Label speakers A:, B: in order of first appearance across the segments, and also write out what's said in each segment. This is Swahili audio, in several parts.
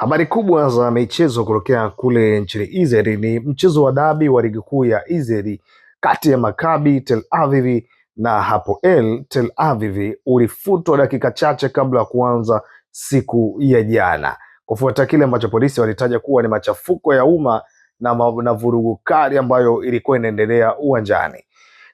A: Habari kubwa za michezo kutokea kule nchini Israeli ni mchezo wa dabi wa ligi kuu ya Israeli kati ya Maccabi Tel Aviv na Hapoel Tel Aviv ulifutwa dakika chache kabla ya kuanza siku ya jana, kufuatia kile ambacho polisi walitaja kuwa ni machafuko ya umma na, na vurugu kali ambayo ilikuwa inaendelea uwanjani.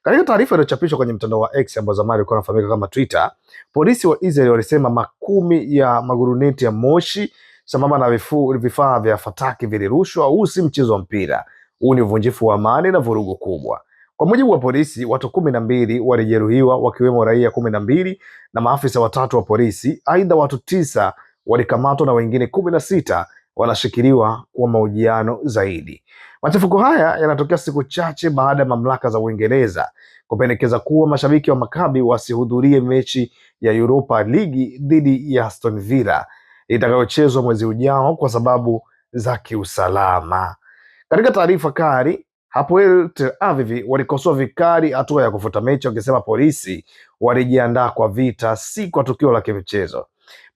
A: Katika taarifa iliyochapishwa kwenye mtandao wa X ambao zamani ulikuwa unafahamika kama Twitter, polisi wa Israel walisema makumi ya maguruneti ya moshi sambamba na vifaa vya fataki vilirushwa. Huu si mchezo wa mpira, huu ni uvunjifu wa amani na vurugu kubwa. Kwa mujibu wa polisi, watu kumi na mbili walijeruhiwa wakiwemo raia kumi na mbili na maafisa watatu wa polisi. Aidha, watu tisa walikamatwa na wengine kumi na sita wanashikiliwa kwa mahojiano zaidi. Machafuko haya yanatokea siku chache baada ya mamlaka za Uingereza kupendekeza kuwa mashabiki wa makabi wasihudhurie mechi ya Europa Ligi dhidi ya Aston Villa itakayochezwa mwezi ujao kwa sababu za kiusalama. Katika taarifa kali, Hapoel Tel Aviv walikosoa vikali hatua ya kufuta mechi wakisema polisi walijiandaa kwa vita, si kwa tukio la kimchezo.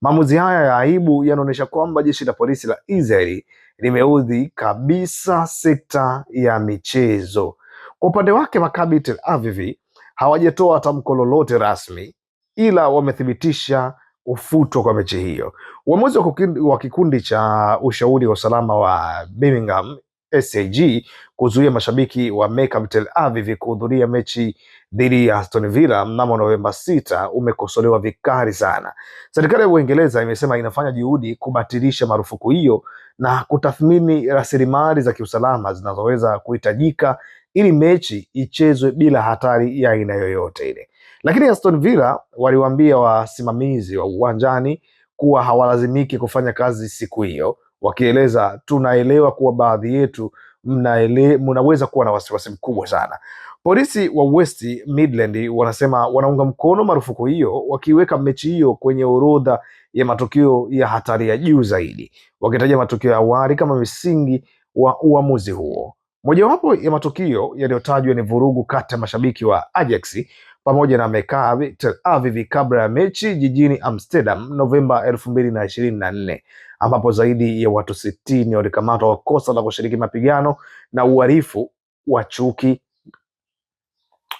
A: Maamuzi haya ya aibu yanaonyesha kwamba jeshi la polisi la Israeli limeudhi kabisa sekta ya michezo. Kwa upande wake, Maccabi Tel Aviv hawajatoa tamko lolote rasmi, ila wamethibitisha ufutwa kwa mechi hiyo. Uamuzi wa kikundi cha ushauri wa usalama wa Birmingham SAG kuzuia mashabiki wa Maccabi Tel Aviv kuhudhuria mechi dhidi ya Aston Villa mnamo Novemba sita umekosolewa vikali sana. Serikali ya Uingereza imesema inafanya juhudi kubatilisha marufuku hiyo na kutathmini rasilimali za kiusalama zinazoweza kuhitajika ili mechi ichezwe bila hatari ya aina yoyote ile. Lakini Aston Villa waliwaambia wasimamizi wa uwanjani kuwa hawalazimiki kufanya kazi siku hiyo, wakieleza tunaelewa kuwa baadhi yetu mnaele, mnaweza kuwa na wasiwasi mkubwa sana. Polisi wa West Midland wanasema wanaunga mkono marufuku hiyo, wakiweka mechi hiyo kwenye orodha ya matukio ya hatari ya juu zaidi, wakitaja matukio ya awali kama misingi wa uamuzi huo. Mojawapo ya matukio yaliyotajwa ni vurugu kati ya mashabiki wa Ajax pamoja na Maccabi Tel Aviv kabla ya mechi jijini Amsterdam Novemba elfu mbili na ishirini na nne ambapo zaidi ya watu sitini walikamatwa kwa kosa la kushiriki mapigano na uhalifu wa chuki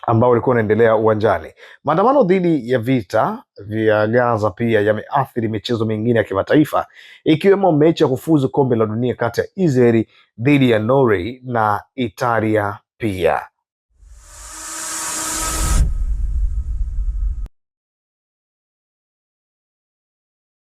A: ambao ulikuwa unaendelea uwanjani. Maandamano dhidi ya vita vya Gaza pia yameathiri michezo mingine ya kimataifa ikiwemo mechi ya kufuzu kombe la dunia kati ya Israeli dhidi ya Norway na Italia pia.